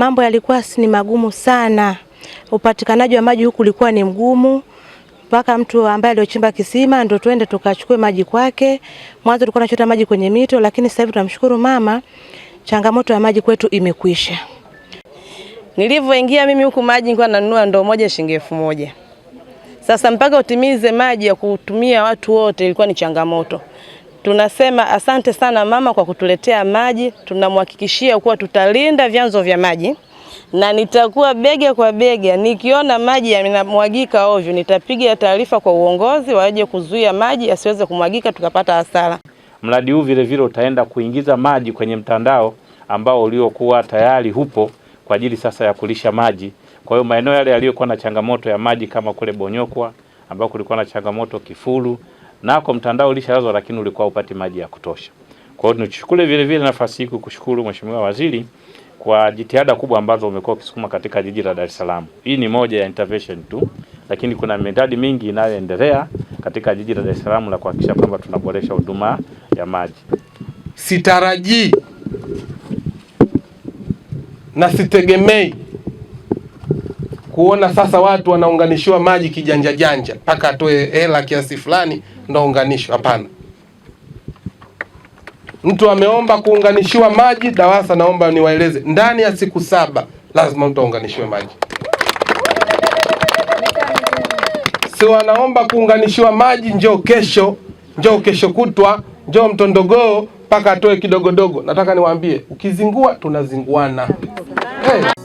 mambo yalikuwa ni magumu sana. Upatikanaji wa maji huku ulikuwa ni mgumu mpaka mtu ambaye aliochimba kisima ndo twende tukachukue maji kwake. Mwanzo tulikuwa tunachota maji kwenye mito, lakini sasa hivi tunamshukuru mama, changamoto ya maji kwetu imekwisha. Nilivyoingia mimi huku maji nilikuwa nanunua ndoo moja shilingi elfu moja. Sasa mpaka utimize maji ya kutumia watu wote ilikuwa ni changamoto. Tunasema asante sana mama kwa kutuletea maji. Tunamhakikishia kuwa tutalinda vyanzo vya maji na nitakuwa bega kwa bega. Nikiona maji yanamwagika ovyo, nitapiga taarifa kwa uongozi waje kuzuia maji yasiweze kumwagika tukapata hasara. Mradi huu vilevile utaenda kuingiza maji kwenye mtandao ambao uliokuwa tayari hupo kwa ajili sasa ya kulisha maji. Kwa hiyo maeneo yale yaliyokuwa na changamoto ya maji kama kule Bonyokwa ambao kulikuwa na changamoto kifuru nako mtandao ulishalazwa, lakini ulikuwa upati maji ya kutosha. Kwa hiyo nichukule vile vile nafasi hii kukushukuru Mheshimiwa Waziri kwa jitihada kubwa ambazo umekuwa ukisukuma katika jiji la Dar es Salaam. Hii ni moja ya intervention tu, lakini kuna miradi mingi inayoendelea katika jiji la Dar es Salaam la kuhakikisha kwamba tunaboresha huduma ya maji. Sitarajii na sitegemei kuona sasa watu wanaunganishiwa maji kijanja janja mpaka atoe hela kiasi fulani ndo unganishwe. Hapana, mtu ameomba kuunganishiwa maji DAWASA, naomba niwaeleze, ndani ya siku saba lazima mtu aunganishiwe maji. Si wanaomba kuunganishiwa maji, njoo kesho, njoo kesho kutwa, njoo mtondogoo mpaka atoe kidogodogo. Nataka niwaambie, ukizingua tunazinguana. Hey.